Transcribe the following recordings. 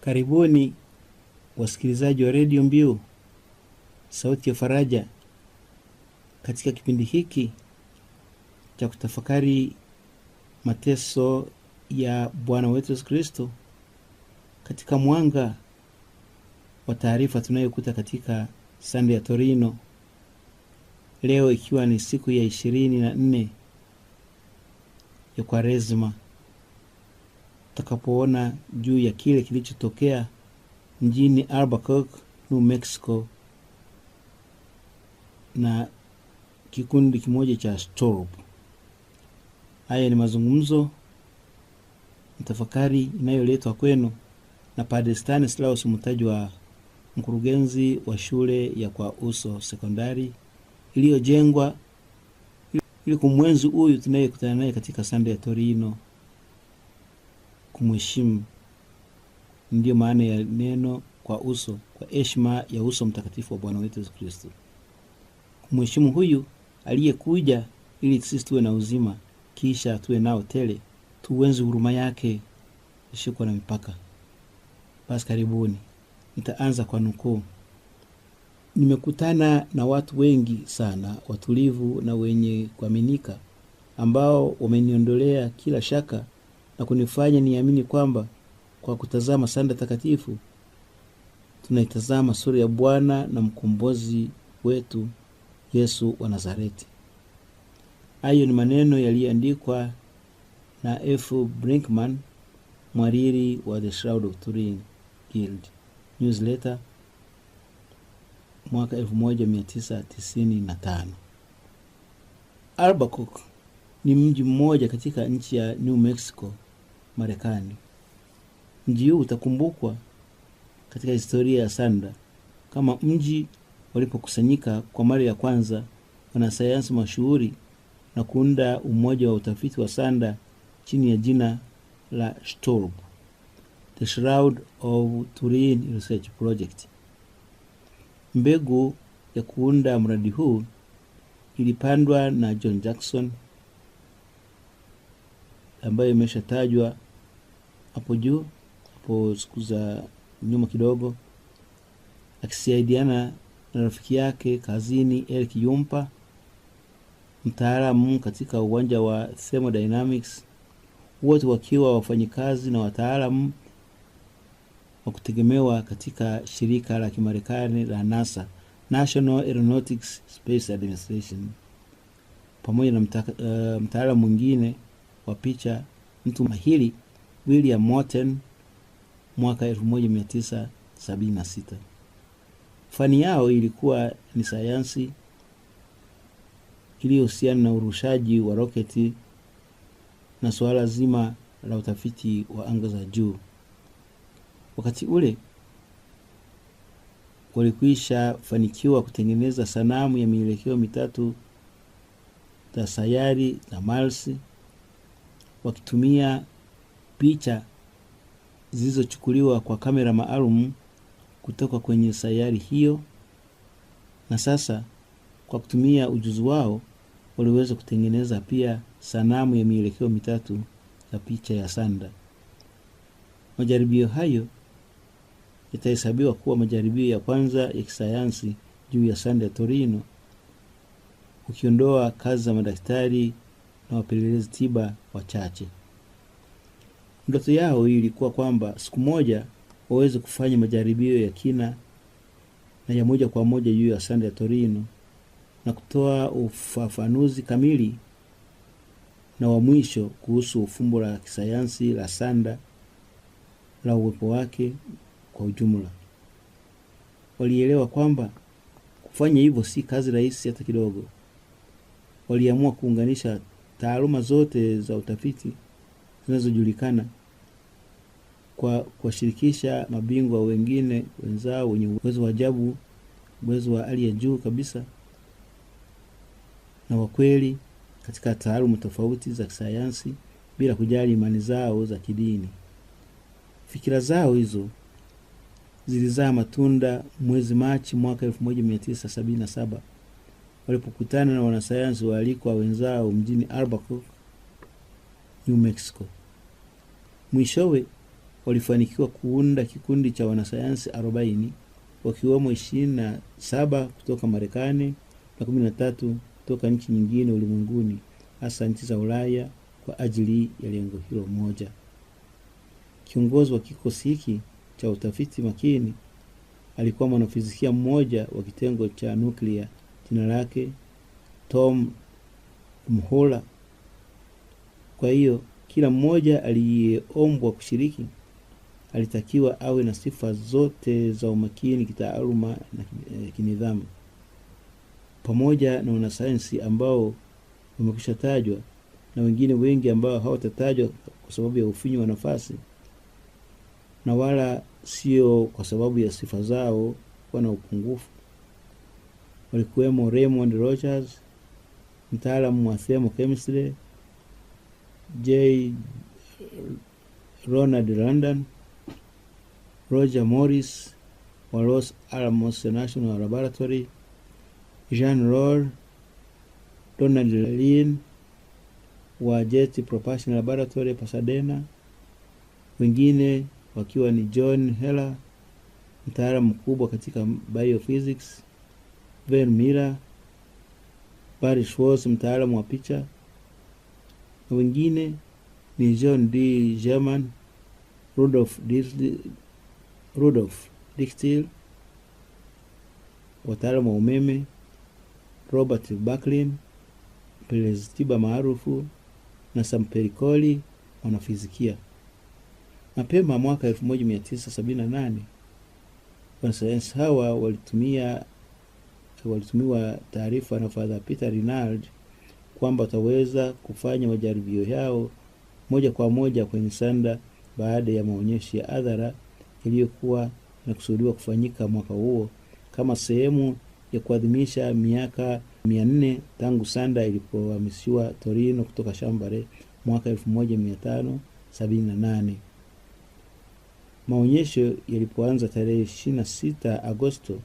Karibuni wasikilizaji wa redio Mbiu sauti ya Faraja katika kipindi hiki cha kutafakari mateso ya Bwana wetu Yesu Kristo katika mwanga wa taarifa tunayokuta katika Sande ya Torino, leo ikiwa ni siku ya ishirini na nne ya Kwaresma tutakapoona juu ya kile kilichotokea mjini Albuquerque, New Mexico na kikundi kimoja cha Storb. Haya ni mazungumzo mtafakari inayoletwa kwenu na Padre Stanislaus Mutajwaha, mkurugenzi wa shule ya Kwa Uso Sekondari iliyojengwa ili kumwenzi huyu tunayekutana naye katika sande ya Torino kumheshimu. Ndiyo maana ya neno kwa uso, kwa heshima ya uso mtakatifu wa Bwana wetu Yesu Kristo. Kumheshimu huyu aliyekuja ili sisi tuwe na uzima, kisha tuwe nao tele, tuwenzi huruma yake ishikwa na mipaka. Basi karibuni, nitaanza kwa nukuu. Nimekutana na watu wengi sana watulivu na wenye kuaminika ambao wameniondolea kila shaka na kunifanya niamini kwamba kwa kutazama sanda takatifu tunaitazama sura ya Bwana na mkombozi wetu Yesu wa Nazareti. Hayo ni maneno yaliyoandikwa na F. Brinkman, mwariri wa The Shroud of Turin Guild newsletter mwaka 1995. albacok ni mji mmoja katika nchi ya New Mexico Marekani. Mji huu utakumbukwa katika historia ya Sanda kama mji walipokusanyika kwa mara ya kwanza wanasayansi mashuhuri na kuunda umoja wa utafiti wa Sanda chini ya jina la STORP, The Shroud of Turin Research Project. Mbegu ya kuunda mradi huu ilipandwa na John Jackson ambayo imeshatajwa hapo juu hapo, siku za nyuma kidogo, akisaidiana na rafiki yake kazini Eric Yumpa, mtaalamu katika uwanja wa thermodynamics, wote wakiwa wafanyikazi na wataalamu wa kutegemewa katika shirika la Kimarekani la NASA, National Aeronautics Space Administration, pamoja na eh, mtaalamu uh, mwingine wa picha, mtu mahiri William Morton mwaka 1976. Fani yao ilikuwa ni sayansi iliyohusiana na urushaji wa roketi na suala zima la utafiti wa anga za juu. Wakati ule walikwisha fanikiwa kutengeneza sanamu ya mielekeo mitatu za sayari na Mars wakitumia picha zilizochukuliwa kwa kamera maalum kutoka kwenye sayari hiyo, na sasa kwa kutumia ujuzi wao waliweza kutengeneza pia sanamu ya mielekeo mitatu ya picha ya sanda. Majaribio hayo yatahesabiwa kuwa majaribio ya kwanza ya kisayansi juu ya sanda ya Torino, ukiondoa kazi za madaktari na wapelelezi tiba wachache. Ndoto yao hii ilikuwa kwamba siku moja waweze kufanya majaribio ya kina na ya moja kwa moja juu ya sanda ya Torino na kutoa ufafanuzi kamili na wa mwisho kuhusu ufumbo la kisayansi la sanda la uwepo wake kwa ujumla. Walielewa kwamba kufanya hivyo si kazi rahisi hata kidogo. Waliamua kuunganisha taaluma zote za utafiti zinazojulikana kwa kuwashirikisha mabingwa wengine wenzao wenye uwezo wa ajabu, uwezo wa hali ya juu kabisa na wakweli katika taaluma tofauti za kisayansi bila kujali imani zao za kidini. Fikira zao hizo zilizaa matunda mwezi Machi mwaka 1977 walipokutana na wanasayansi waalikwa wenzao mjini Albuquerque, New Mexico. Mwishowe walifanikiwa kuunda kikundi cha wanasayansi 40 wakiwemo 27 na kutoka Marekani na 13 kutoka nchi nyingine ulimwenguni, hasa nchi za Ulaya kwa ajili ya lengo hilo moja. Kiongozi wa kikosi hiki cha utafiti makini alikuwa mwanafizikia mmoja wa kitengo cha nuklia, jina lake Tom Mhula. Kwa hiyo kila mmoja aliyeombwa kushiriki alitakiwa awe na sifa zote za umakini kitaaluma na eh, kinidhamu. Pamoja na wanasayansi ambao wamekwisha tajwa na wengine wengi ambao hawatatajwa kwa sababu ya ufinyu wa nafasi na wala sio kwa sababu ya sifa zao kuwa na upungufu, walikuwemo Raymond Rogers, mtaalamu wa thermochemistry, J Ronald London Roger Morris wa Los Alamos National Laboratory, Jean Roll, Donald Lin wa Jet Propulsion Laboratory Pasadena, wengine wakiwa ni John Heller, mtaalamu mkubwa katika biophysics, Ben Miller, Barry Schwartz, mtaalamu wa picha, na wengine ni John D. German, Rudolf Dietrich Rudolf Diestel, wataalamu wa umeme Robert Bucklin, mpelelezi tiba maarufu na Sam Perikoli, mwanafizikia. Mapema mwaka 1978 wanasayansi hawa walitumia walitumiwa taarifa na Father Peter Rinald kwamba wataweza kufanya majaribio yao moja kwa moja kwenye sanda baada ya maonyesho ya adhara iliyokuwa imekusudiwa kufanyika mwaka huo kama sehemu ya kuadhimisha miaka mia nne tangu sanda ilipohamishiwa Torino kutoka Shambare mwaka nane Maonyesho yalipoanza tarehe sita Agosto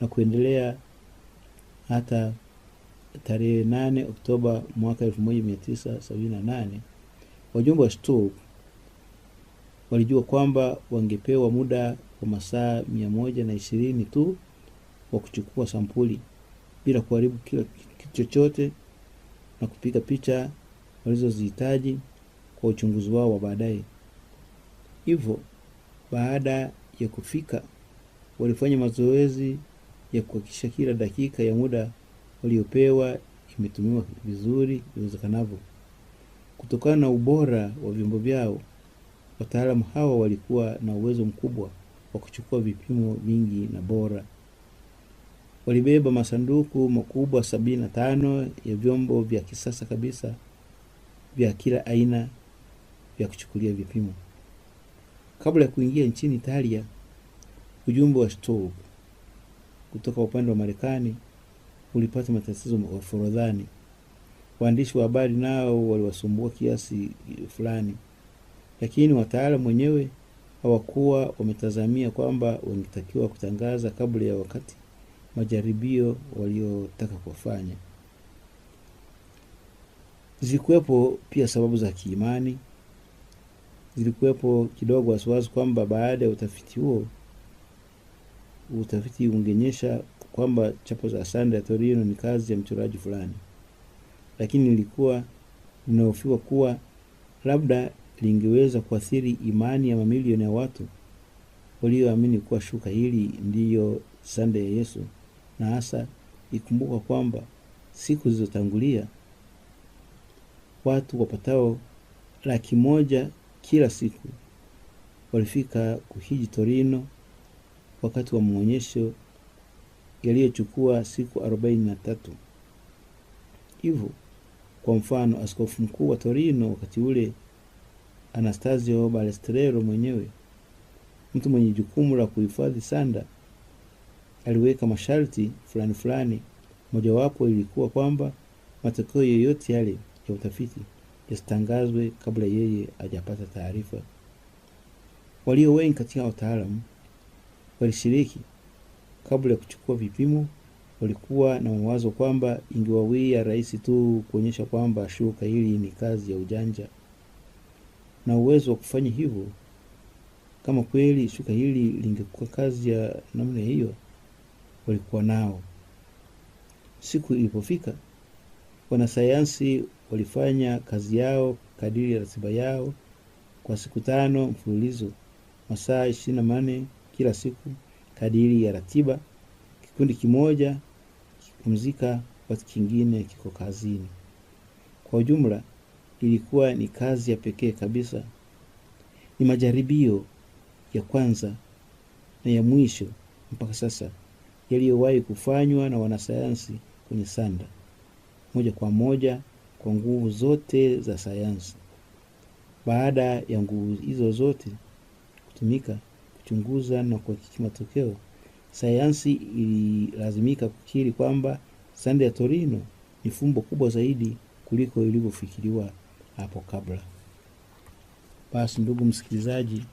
na kuendelea hata tarehe 8 Oktoba mwaka nane wajumbe wa stoke walijua kwamba wangepewa muda wa masaa mia moja na ishirini tu wa kuchukua sampuli bila kuharibu kila kitu chochote na kupiga picha walizozihitaji kwa uchunguzi wao wa baadaye. Hivyo, baada ya kufika, walifanya mazoezi ya kuhakikisha kila dakika ya muda waliopewa imetumiwa vizuri iwezekanavyo. Kutokana na ubora wa vyombo vyao Wataalamu hawa walikuwa na uwezo mkubwa wa kuchukua vipimo vingi na bora. Walibeba masanduku makubwa sabini na tano ya vyombo vya kisasa kabisa vya kila aina vya kuchukulia vipimo. Kabla ya kuingia nchini Italia, ujumbe wa Stolp kutoka upande wa Marekani ulipata matatizo Forodhani. Waandishi wa habari nao waliwasumbua kiasi fulani lakini wataalamu wenyewe hawakuwa wametazamia kwamba wangetakiwa kutangaza kabla ya wakati majaribio waliotaka kufanya. Zilikuwepo pia sababu za kiimani. Zilikuwepo kidogo wasiwasi kwamba baada ya utafiti huo utafiti ungenyesha kwamba chapo za Sanda ya Torino ni kazi ya mchoraji fulani, lakini ilikuwa inaofiwa kuwa labda lingeweza kuathiri imani ya mamilioni ya watu walioamini kuwa shuka hili ndiyo sanda ya Yesu, na hasa ikumbuka kwamba siku zilizotangulia watu wapatao laki moja kila siku walifika kuhiji Torino wakati wa maonyesho yaliyochukua siku arobaini na tatu. Hivyo kwa mfano, askofu mkuu wa Torino wakati ule Anastasio Balestrero mwenyewe, mtu mwenye jukumu la kuhifadhi sanda, aliweka masharti fulani fulani. Mojawapo ilikuwa kwamba matokeo yoyote yale ya utafiti yasitangazwe kabla yeye hajapata taarifa. Walio wengi katika wataalamu walishiriki kabla ya kuchukua vipimo. Walikuwa na mawazo kwamba ingewawia rahisi tu kuonyesha kwamba shuka hili ni kazi ya ujanja na uwezo wa kufanya hivyo. Kama kweli shuka hili lingekuwa kazi ya namna hiyo, walikuwa nao. Siku ilipofika, wanasayansi walifanya kazi yao kadiri ya ratiba yao kwa siku tano mfululizo, masaa ishirini na manne kila siku kadiri ya ratiba. Kikundi kimoja kikipumzika, wakati kingine kiko kazini. Kwa ujumla ilikuwa ni kazi ya pekee kabisa. Ni majaribio ya kwanza na ya mwisho mpaka sasa yaliyowahi kufanywa na wanasayansi kwenye sanda moja kwa moja kwa nguvu zote za sayansi. Baada ya nguvu hizo zote kutumika kuchunguza na kuhakiki matokeo, sayansi ililazimika kukiri kwamba sanda ya Torino ni fumbo kubwa zaidi kuliko ilivyofikiriwa hapo kabla. Basi ndugu msikilizaji,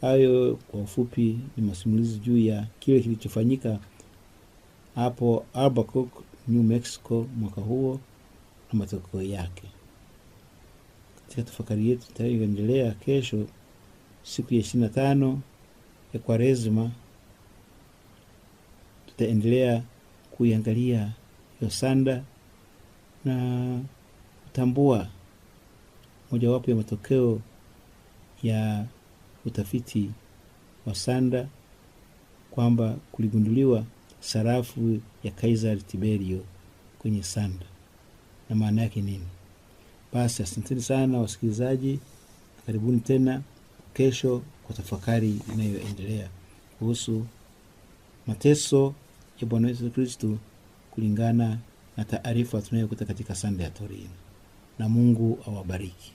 hayo kwa ufupi ni masimulizi juu ya kile kilichofanyika hapo Albuquerque, New Mexico mwaka huo na matokeo yake. Katika tafakari yetu itayoendelea kesho, siku ya ishirini na tano ya kwarezma tutaendelea kuiangalia yosanda na kutambua mojawapo ya matokeo ya utafiti wa Sanda kwamba kuligunduliwa sarafu ya kaisar Tiberio kwenye Sanda na maana yake nini. Basi asanteni sana wasikilizaji, karibuni tena kesho kwa tafakari inayoendelea kuhusu mateso ya Bwana Yesu Kristu kulingana na taarifa tunayokuta katika Sanda ya Torino, na Mungu awabariki.